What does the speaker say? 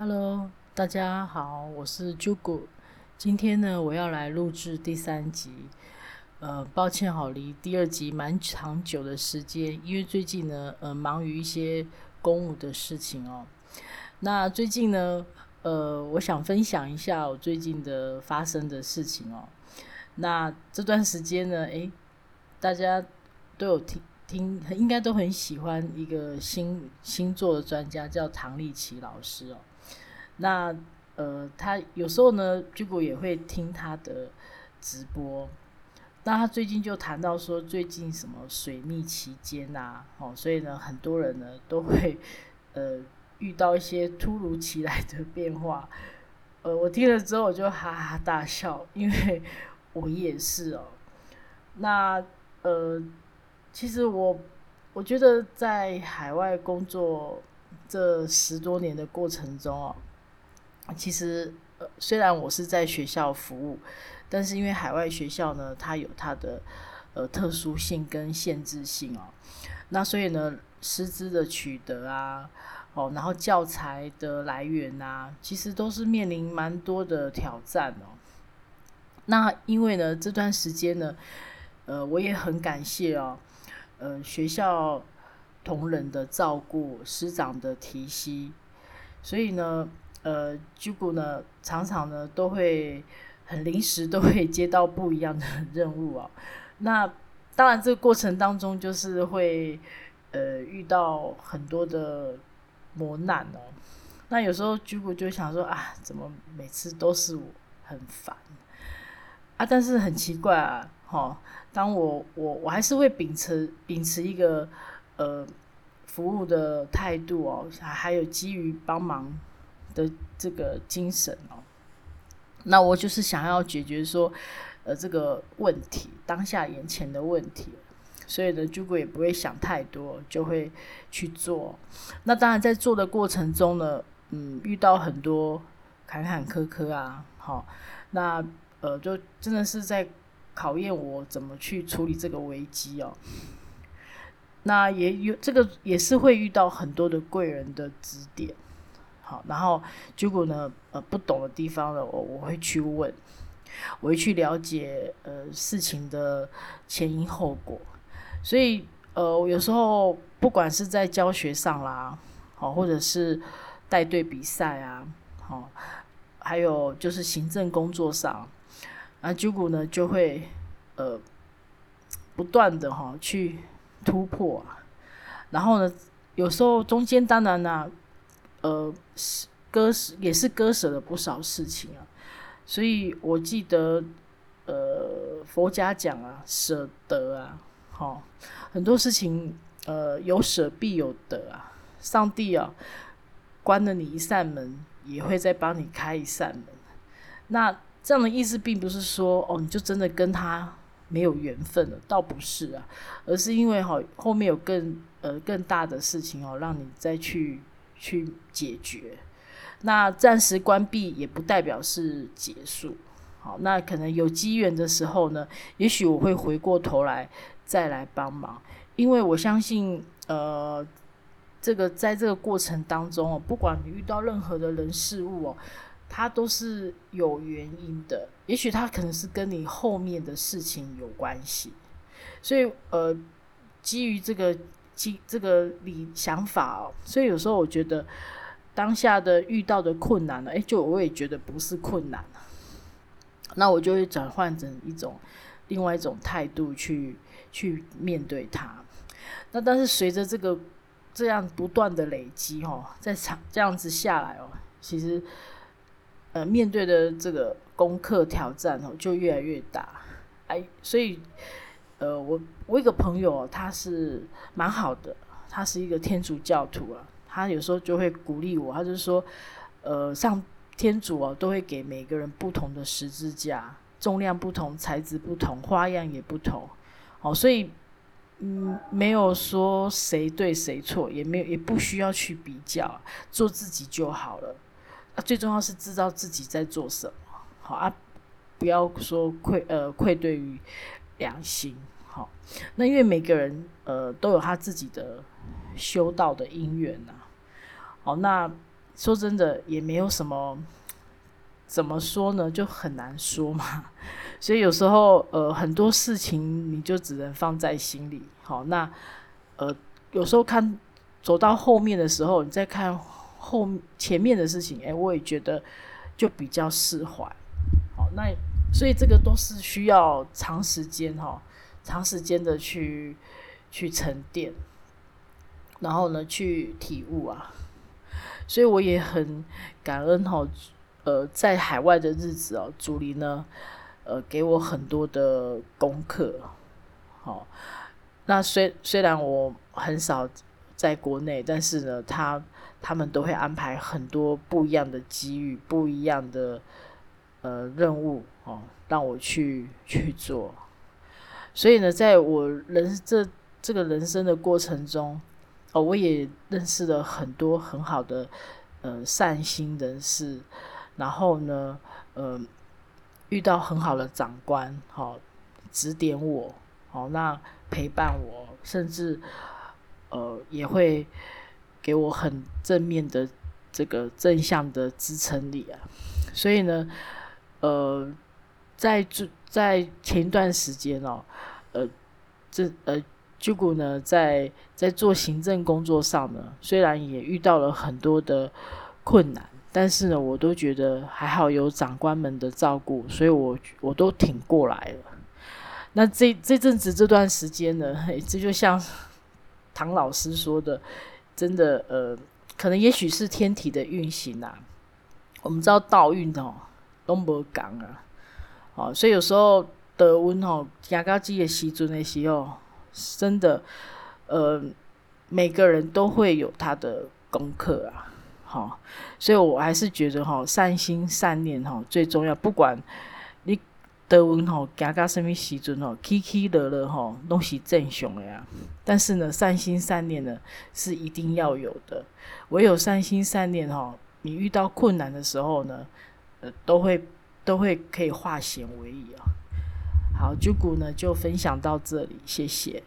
Hello，大家好，我是 Jugo。今天呢，我要來錄製第三集。呃，抱歉好，好離第二集蠻長久的時間，因為最近呢，呃，忙於一些公務的事情哦。那最近呢，呃，我想分享一下我最近的發生的事情哦。那這段時間呢，誒，大家都有聽。聽應該都很喜歡一個星星座的專家，叫唐立淇老師哦。那呃，他有時候呢，結果也會聽他的直播。那他最近就談到說，最近什麼水逆期間啊，哦，所以呢，很多人呢都會呃遇到一些突如其來的變化。呃，我聽了之後我就哈哈大笑，因為我也是哦。那呃。其實我，我覺得在海外工作這十多年的過程中哦，其實呃雖然我是在學校服務，但是因為海外學校呢，它有它的呃特殊性跟限制性哦，那所以呢，師資的取得啊，哦，然後教材的來源啊，其實都是面臨蠻多的挑戰哦。那因為呢這段時間呢，呃，我也很感謝哦。呃，學校同仁的照顧，師長的提攜。所以呢，呃，居古呢，常常呢都會很臨時都會接到不一樣的任務啊。那當然，這個過程當中就是會呃遇到很多的磨難哦，啊。那有時候居古就想說啊，怎麼每次都是我很煩啊？但是很奇怪啊。好，當我我我還是會秉持秉持一個呃服務的態度哦，還有基於幫忙的這個精神哦。那我就是想要解決說呃這個問題，當下眼前的問題。所以呢，就也不會想太多，就會去做。那當然在做的過程中呢，嗯，遇到很多坎坎坷坷啊，好，哦，那呃，就真的是在。考驗我怎麼去處理這個危機哦，那也有這個也是會遇到很多的貴人的指點，好，然後結果呢，呃不懂的地方呢，我我會去問，我會去了解，呃事情的前因後果，所以呃有時候不管是在教學上啦，好，或者是帶隊比賽啊，好，還有就是行政工作上。啊九谷呢就會，呃，不斷的哈、哦、去突破，啊，然後呢，有時候中間當然呢、啊、呃，割捨也是割捨了不少事情啊，所以我記得，呃，佛家講啊，捨得啊，好，哦，很多事情呃，有捨必有得啊，上帝啊，哦，關了你一扇門，也會再幫你開一扇門，那。這樣的意思並不是說哦，你就真的跟他沒有緣分了，倒不是啊，而是因為好後面有更呃更大的事情哦，讓你再去去解決。那暫時關閉也不代表是結束，好，那可能有機緣的時候呢，也許我會回過頭來再來幫忙，因為我相信呃這個在這個過程當中哦，不管你遇到任何的人事物哦。它都是有原因的，也許它可能是跟你後面的事情有關係，所以呃，基於這個基這個理想法哦，所以有時候我覺得當下的遇到的困難呢，哎、欸，就我也覺得不是困難，那我就會轉換成一種另外一種態度去去面對它，那但是隨着這個這樣不斷的累積哦，在長這樣子下來哦，其實。呃，面對的這個功課挑戰哦，就越來越大。哎，所以，呃，我我一個朋友，哦，他是蠻好的，他是一個天主教徒啊。他有時候就會鼓勵我，他就說，呃，上天主哦，都會給每個人不同的十字架，重量不同，材質不同，花樣也不同。哦，所以，嗯，沒有說誰對誰錯，也沒有，也不需要去比較，做自己就好了。最重要是知道自己在做什麼，好啊，不要說愧呃愧對於良心，好，那因為每個人呃都有他自己的修道的因緣啊，好，那說真的也沒有什麼，怎麼說呢，就很難說嘛，所以有時候呃很多事情你就只能放在心裡，好，那呃有時候看走到後面的時候，你再看。後前面的事情，誒、欸，我也覺得就比較釋懷。好，那所以這個都是需要長時間哈，長時間的去去沉澱，然後呢去體悟啊。所以我也很感恩哈，呃，在海外的日子哦，竹林呢，呃，給我很多的功課。好，那雖雖然我很少。在國內，但是呢，他他們都會安排很多不一樣的機遇、不一樣的呃任務哦，讓我去去做。所以呢，在我人這這個人生的過程中，哦，我也認識了很多很好的呃善心人士，然後呢，呃，遇到很好的長官，哦，指點我，哦，那陪伴我，甚至。呃，也會給我很正面的這個正向的支撐力啊。所以呢，呃，在在前段時間哦，呃，這呃，軍谷呢在在做行政工作上呢，雖然也遇到了很多的困難，但是呢，我都覺得還好有長官們的照顧，所以我我都挺過來了。那這這陣子這段時間呢，這就像。唐老師說的，真的，呃，可能也許是天體的運行啊。我們知道道運哦，東北港啊，哦，所以有時候德瘟哦，牙膏機也吸准的時候，真的，呃，每個人都會有他的功課啊，好、哦，所以我還是覺得哈，善心善念哈最重要，不管。德文吼、哦，行到什麼時陣吼、哦，起起落落吼，攏是正常的啊。但是呢，善心善念呢，是一定要有的。唯有善心善念吼、哦，你遇到困難的時候呢，呃，都會都會可以化險為夷啊。好，這股呢就分享到這裡，謝謝。